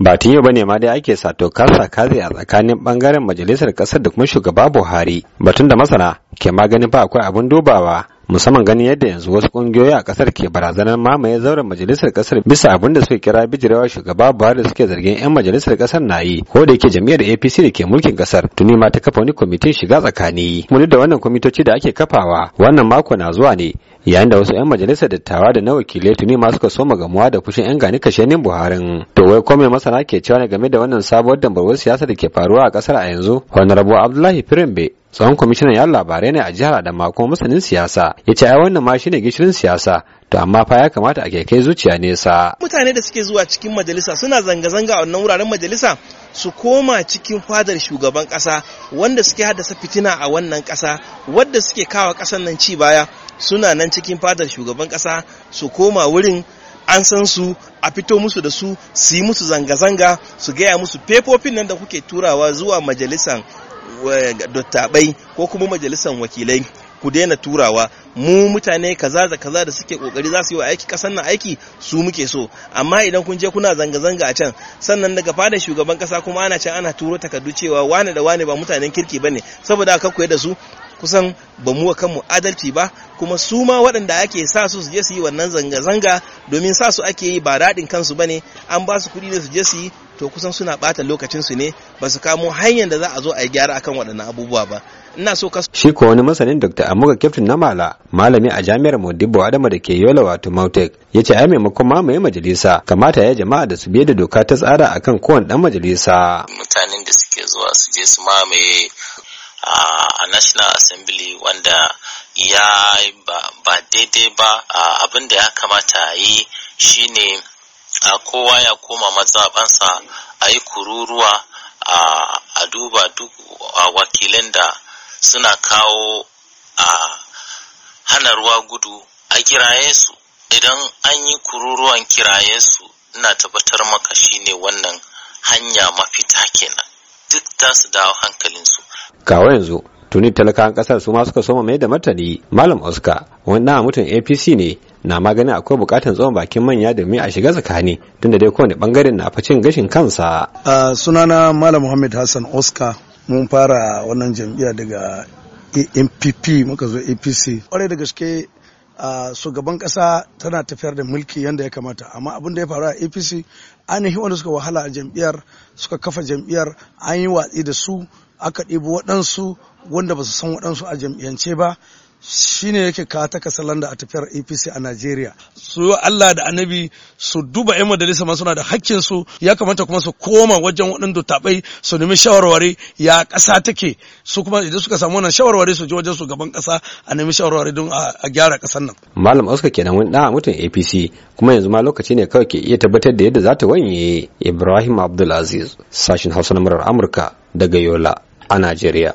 ba tun yau ne ma dai ake sato kasa kaze a tsakanin bangaren majalisar kasar da kuma shugaba buhari batun da masana ke maganin ba akwai abin dubawa musamman ganin yadda yanzu wasu kungiyoyi a kasar ke barazanar mamaye zauren majalisar kasar bisa abin da suke kira bijirewa shugaba buhari suke zargin yan majalisar kasar na yi ko da yake jami'ar apc da ke mulkin kasar tuni ma ta kafa wani kwamitin shiga tsakani muni da wannan kwamitoci da ake kafawa wannan mako na zuwa ne yayin da wasu 'yan majalisar dattawa da na wakilai tuni ma suka soma gamuwa da fushin 'yan gani kashenin buharin to wai ko masana ke cewa ne game da wannan sabuwar dambarwar siyasa da ke faruwa a kasar a yanzu honorable abdullahi firimbe tsohon kwamishinan yan labarai ne a jihar adama kuma masanin siyasa ya ce ai wannan ma shine gishirin siyasa to amma fa ya kamata a kai zuciya nesa mutane da suke zuwa cikin majalisa suna zanga-zanga a wannan wuraren majalisa su koma cikin fadar shugaban kasa wanda suke haddasa fitina a wannan kasa wadda suke kawo kasan nan ci baya suna nan cikin fadar shugaban kasa su koma wurin an san su a fito musu da su su yi musu zanga-zanga su gaya musu fefofin nan da kuke turawa zuwa majalisan eh, dattabai ko kuma majalisan wakilai ku daina turawa mu mutane kaza da kaza da suke kokari za su yi wa aiki kasan nan aiki su muke so amma idan kun je kuna zanga-zanga a can sannan daga fadar shugaban kasa kuma ana can ana turo takardu cewa wane da wane ba mutanen kirki bane saboda aka koyar da su kusan ba mu kanmu adalci ba kuma su ma waɗanda ake sa su su je su yi wannan zanga-zanga domin sa su ake yi ba raɗin kansu ba ne an ba su kuɗi ne su je su yi to kusan suna ɓata lokacinsu ne ba su kamo hanyar da za a zo a yi gyara akan waɗannan abubuwa ba ina so ka shi ko wani masanin dr amuka kyaftin na mala malami a jami'ar modibo adama da ke yola wato mautek ya ce ai maimakon mamaye majalisa kamata ya jama'a da su biye da doka ta tsara akan kowane ɗan majalisa mutanen da suke zuwa su je su mamaye a national assembly wanda ya ba daidai ba abin da ya kamata yi shine kowa ya koma mazaɓansa a yi kururuwa a duba duk wakilin da suna kawo a hana gudu a kiraye su idan an yi kururuwan kiraye su ina tabbatar maka shine wannan hanya mafita kenan mata su dawo hankalinsu. Kawo yanzu tuni talakawan kasar su ma suka soma mai da martani malam oscar wannan mutum apc ne na maganin akwai bukatan tsohon bakin manya domin a shiga tsakani tunda dai kowane bangaren na facin gashin kansa sunana malam muhammad hassan oscar mun fara wannan jam'iyya daga npp muka zo apc kwarai da gaske uh, shugaban kasa tana tafiyar da mulki yadda ya kamata amma abin da ya faru a apc ainihin wanda suka wahala a jam'iyyar suka kafa jam'iyyar an yi watsi da su aka ɗibi waɗansu wanda ba su san waɗansu a jam'iyyance ba shine yake ka ta landa a tafiyar APC a Najeriya su Allah da Annabi su duba 'yan majalisa ma suna da hakkin su ya kamata kuma su koma wajen waɗanda tabai su nemi shawarwari ya ƙasa take su kuma idan suka samu wannan shawarwari su je wajen su gaban ƙasa a nemi shawarwari don a gyara ƙasar nan Malam Oscar kenan wani a mutum APC kuma yanzu ma lokaci ne kawai ke iya tabbatar da yadda za ta wanye Ibrahim Abdulaziz sashin Hausa na murar Amurka daga Yola a Najeriya